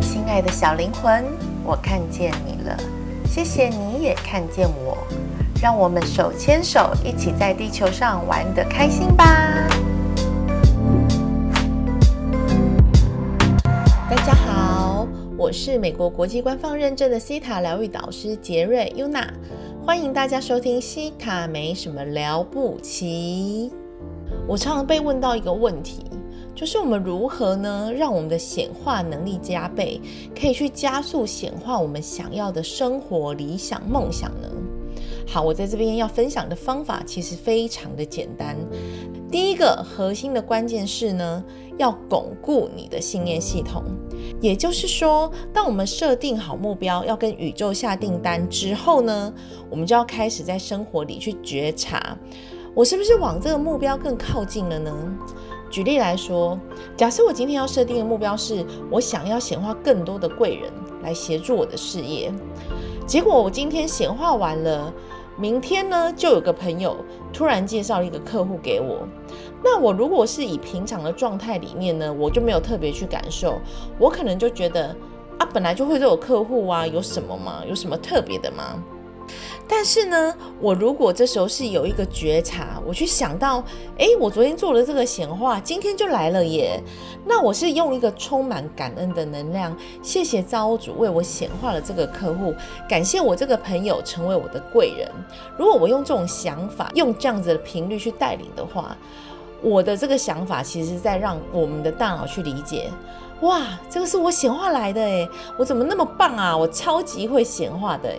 親愛的小靈魂，我看見你了，謝謝你也看見我，讓我們手牽手一起在地球上玩得開心吧。大家好，我是美國國際官方認證的希塔療癒導師杰瑞·尤娜，歡迎大家收聽希塔沒什麼療不起。我常常被問到一個問題。就是我們如何呢，讓我們的顯化能力加倍，可以去加速顯化我們想要的生活、理想、夢想呢？好，我在這邊要分享的方法其實非常的簡單。第一個核心的關鍵是呢，要鞏固你的信念系統。也就是說，當我們設定好目標，要跟宇宙下訂單之後呢，我們就要開始在生活裡去覺察，我是不是往這個目標更靠近了呢？舉例來說，假設我今天要設定的目標是我想要顯化更多的貴人來協助我的事業，結果我今天顯化完了，明天呢就有個朋友突然介紹一個客戶給我。那我如果是以平常的狀態裡面呢，我就沒有特別去感受，我可能就覺得啊，本來就會有客戶啊，有什麼嗎？有什麼特別的嗎？但是呢，我如果這時候是有一個覺察，我去想到，哎、欸，我昨天做了這個顯化，今天就來了耶。那我是用一個充滿感恩的能量，謝謝造物主為我顯化了這個客戶，感謝我這個朋友成為我的貴人。如果我用這種想法，用這樣子的頻率去帶領的話，我的這個想法其實在讓我們的大腦去理解，哇，這個是我顯化來的誒，我怎麼那麼棒啊，我超級會顯化的誒。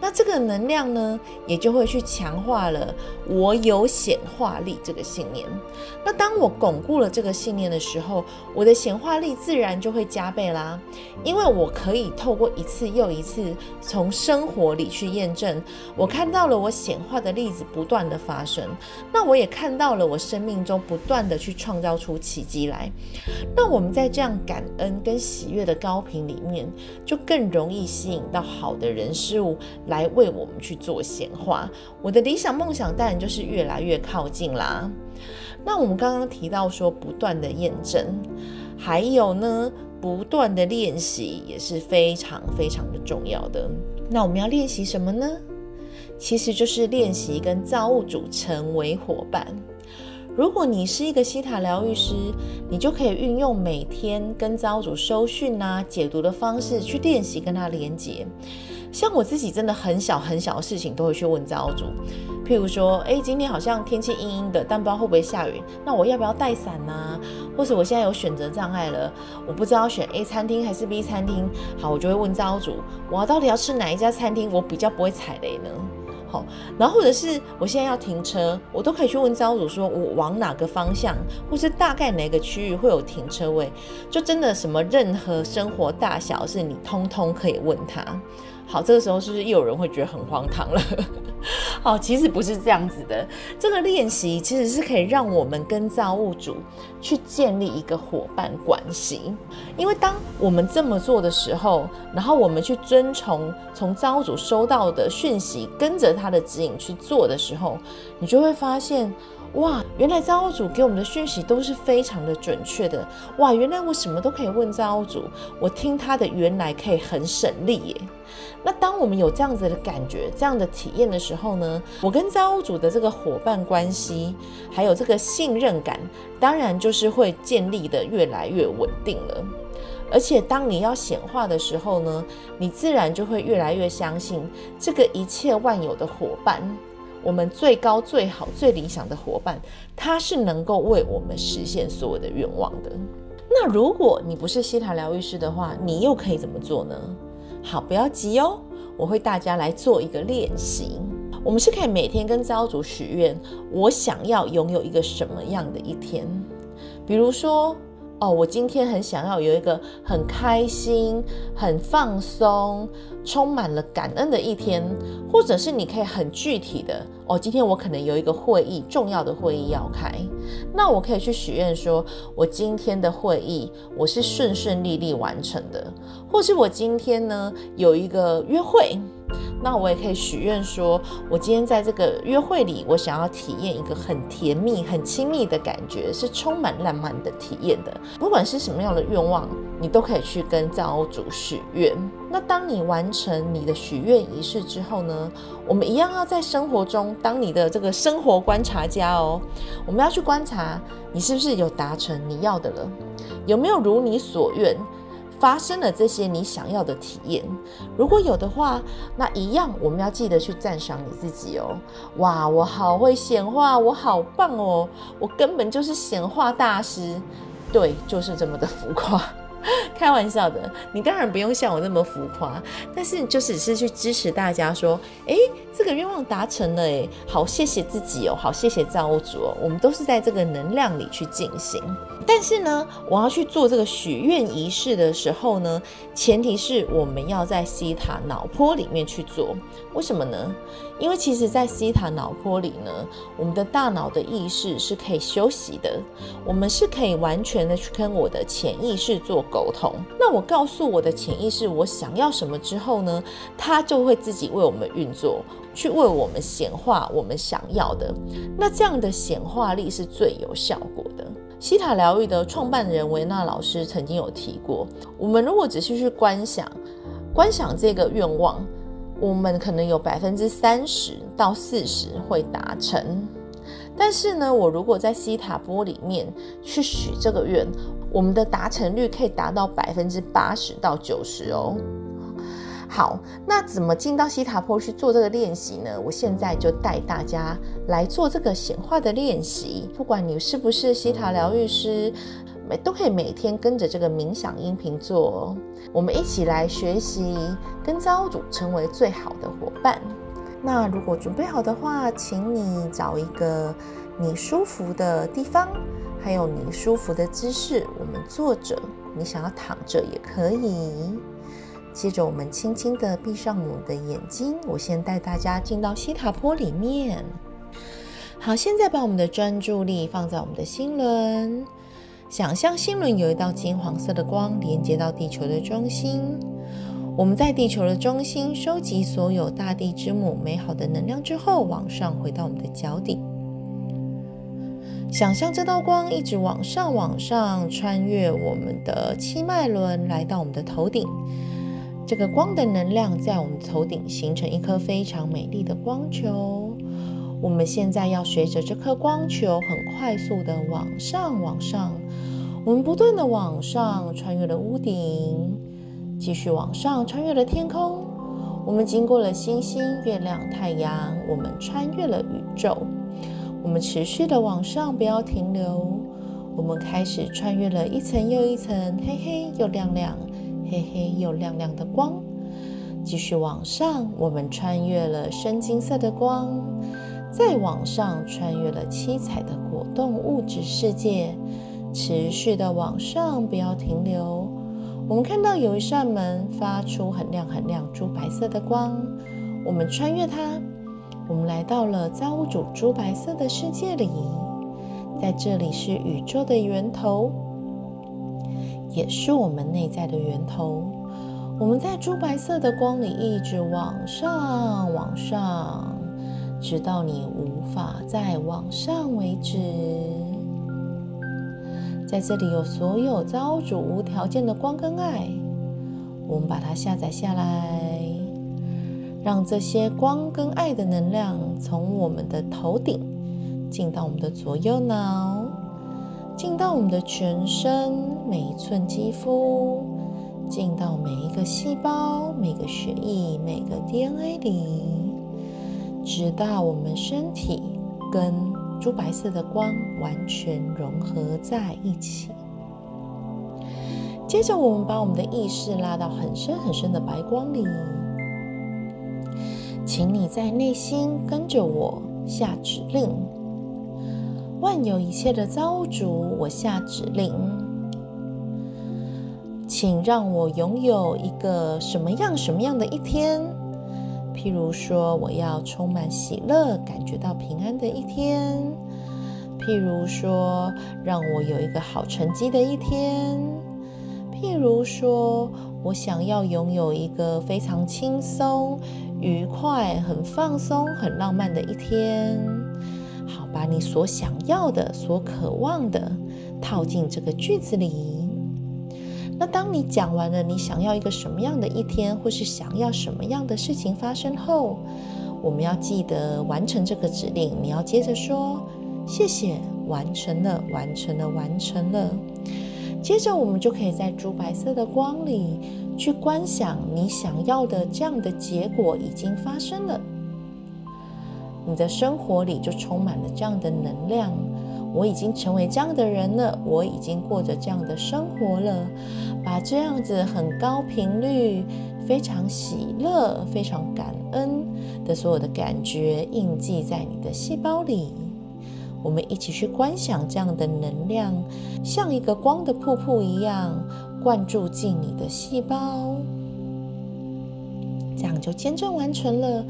那這個能量呢，也就會去強化了我有顯化力這個信念。那當我鞏固了這個信念的時候，我的顯化力自然就會加倍啦。因為我可以透過一次又一次從生活裡去驗證，我看到了我顯化的例子不斷的發生。那我也看到了我生命中不斷的去創造出奇蹟來。那我們在這樣感恩跟喜悅的高頻裡面，就更容易吸引到好的人事物。來為我們去做顯化，我的理想夢想當然就是越來越靠近啦。那我們剛剛提到說不斷的驗證，還有呢，不斷的練習也是非常非常的重要的。那我們要練習什麼呢？其實就是練習跟造物主成為夥伴。如果你是一個希塔療癒師，你就可以運用每天跟造主收訊啊，解讀的方式去練習跟他連結。像我自己，真的很小很小的事情都會去問造主，譬如說，哎，欸，今天好像天氣陰陰的，但不知道會不會下雨，那我要不要帶傘呢？或者我現在有選擇障礙了，我不知道要選 A 餐廳還是 B 餐廳，好，我就會問造主，我到底要吃哪一家餐廳，我比較不會踩雷呢？好，然後或者是我現在要停車，我都可以去問招主說，我往哪個方向，或是大概哪個區域會有停車位，就真的什麼任何生活大小事，你通通可以問他。好，這個時候是不是又有人會覺得很荒唐了？ 好，其實不是這樣子的。這個練習其實是可以讓我們跟造物主去建立一個夥伴關係，因為當我們這麼做的時候，然後我們去遵從從造物主收到的訊息，跟着他的指引去做的時候，你就會發現。哇，原來造物主給我們的訊息都是非常的準確的。哇，原來我什麼都可以問造物主，我聽他的原來可以很省力耶。那當我們有這樣子的感覺、這樣的體驗的時候呢，我跟造物主的這個夥伴關係，還有這個信任感，當然就是會建立得越來越穩定了。而且當你要顯化的時候呢，你自然就會越來越相信這個一切萬有的夥伴。我們最高、最好、最理想的夥伴，他是能夠為我們實現所有的願望的。那如果你不是希塔療癒師的話，你又可以怎麼做呢？好，不要急哦，我會帶大家來做一個練習。我們是可以每天跟造主許願，我想要擁有一個什麼樣的一天？比如說。哦，我今天很想要有一個很開心、很放鬆、充滿了感恩的一天，或者是你可以很具體的哦，今天我可能有一個會議，重要的會議要開，那我可以去許願說，我今天的會議我是順順利利完成的，或是我今天呢有一個約會。那我也可以許願，說我今天在這個約會裡，我想要體驗一個很甜蜜、很親密的感覺，是充滿浪漫的體驗的。不管是什麼樣的願望，你都可以去跟造物主許願。那當你完成你的許願儀式之後呢，我們一樣要在生活中當你的這個生活觀察家哦，我們要去觀察你是不是有達成你要的了，有沒有如你所願。發生了這些你想要的體驗，如果有的話，那一樣我們要記得去讚賞你自己哦。哇，我好會顯化，我好棒哦，我根本就是顯化大師，對，就是這麼的浮誇。開玩笑的，你當然不用像我那麼浮誇，但是就只是去支持大家說，誒，這個願望達成了，誒，好，謝謝自己哦，好，謝謝造物主哦，我們都是在這個能量裡去進行。但是呢，我要去做這個許願儀式的時候呢，前提是我們要在希塔腦波裡面去做，為什麼呢？因為其實，在希塔腦波裡呢，我們的大腦的意識是可以休息的，我們是可以完全的去跟我的潛意識做溝通。那我告訴我的潛意識我想要什麼之後呢，它就會自己為我們運作，去為我們顯化我們想要的。那這樣的顯化力是最有效果的。希塔療癒的創辦人維納老師曾經有提過，我們如果只是去觀想，觀想這個願望。我們可能有百分之三十到四十會達成，但是呢，我如果在希塔波裡面去許這個願，我們的達成率可以達到百分之八十到九十哦。好，那怎麼進到希塔波去做這個練習呢？我現在就帶大家來做這個顯化的練習。不管你是不是希塔療癒師。我們都可以每天跟着這個冥想音頻做，我們一起來學習，跟造物主成為最好的夥伴。那如果準備好的話，請你找一個你舒服的地方，還有你舒服的姿勢，我們坐着，你想要躺着也可以。接着，我們輕輕的閉上我們的眼睛，我先帶大家進到希塔波裡面。好，現在把我們的專注力放在我們的心輪。想象心輪有一道金黃色的光連接到地球的中心。我們在地球的中心收集所有大地之母美好的能量之後，往上回到我們的腳底。想象這道光一直往上、往上，穿越我們的七脈輪，來到我們的頭頂。這個光的能量在我們頭頂形成一顆非常美麗的光球。我們現在要隨着這顆光球很快速的往上、往上。我們不斷的往上，穿越了屋頂，繼續往上，穿越了天空。我們經過了星星、月亮、太陽，我們穿越了宇宙。我們持續的往上，不要停留。我們開始穿越了一層又一層，黑黑又亮亮，黑黑又亮亮的光。繼續往上，我們穿越了深金色的光，再往上，穿越了七彩的果凍物質世界。持續的往上，不要停留。我們看到有一扇門發出很亮很亮珠白色的光。我們穿越它，我們來到了造物主珠白色的世界裡。在這裡是宇宙的源頭，也是我們內在的源頭。我們在珠白色的光裡一直往上，往上，直到你無法再往上為止。在這裡有所有造主無條件的光跟愛，我們把它下載下來，讓這些光跟愛的能量從我們的頭頂進到我們的左右腦，進到我們的全身每一寸肌膚，進到每一個細胞、每個血液、每個 DNA 裡，直到我們身體跟。珠白色的光完全融合在一起。接着，我們把我們的意識拉到很深很深的白光裡。請你在內心跟着我下指令：萬有一切的造物主，我下指令，請讓我擁有一個什麼樣什麼樣的一天。譬如說，我要充滿喜樂、感覺到平安的一天；譬如說，讓我有一個好成績的一天；譬如說，我想要擁有一個非常輕鬆、愉快、很放鬆、很浪漫的一天。好，把你所想要的、所渴望的套進這個句子裡。那當你講完了，你想要一個什麼樣的一天，或是想要什麼樣的事情發生後，我們要記得完成這個指令。你要接着說謝謝，完成了，完成了，完成了。接着我們就可以在珠白色的光裡去觀想你想要的這樣的結果已經發生了，你的生活裡就充滿了這樣的能量。我已經成為這樣的人了，我已經過着這樣的生活了。把這樣子很高頻率、非常喜樂、非常感恩的所有的感覺印記在你的細胞裡。我們一起去觀想這樣的能量，像一個光的瀑布一樣灌注進你的細胞，這樣就見證完成了。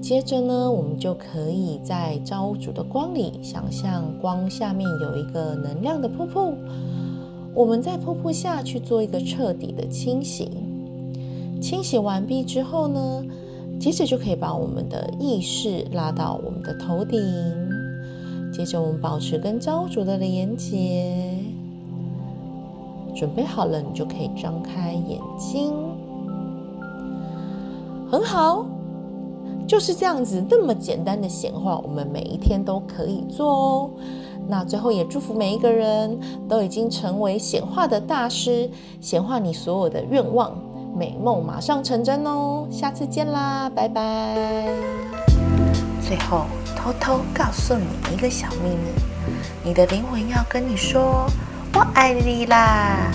接着呢，我們就可以在造物主的光裡，想象光下面有一個能量的瀑布。我們在瀑布下去做一個徹底的清洗。清洗完畢之後呢，接着就可以把我們的意識拉到我們的頭頂。接着我們保持跟造物主的連接，準備好了你就可以張開眼睛。很好。就是這樣子，那麼簡單的顯化，我們每一天都可以做哦。那最後也祝福每一個人都已經成為顯化的大師，顯化你所有的願望、美夢馬上成真哦。下次見啦，拜拜。最後偷偷告訴你一個小秘密，你的靈魂要跟你說：“我愛你啦。”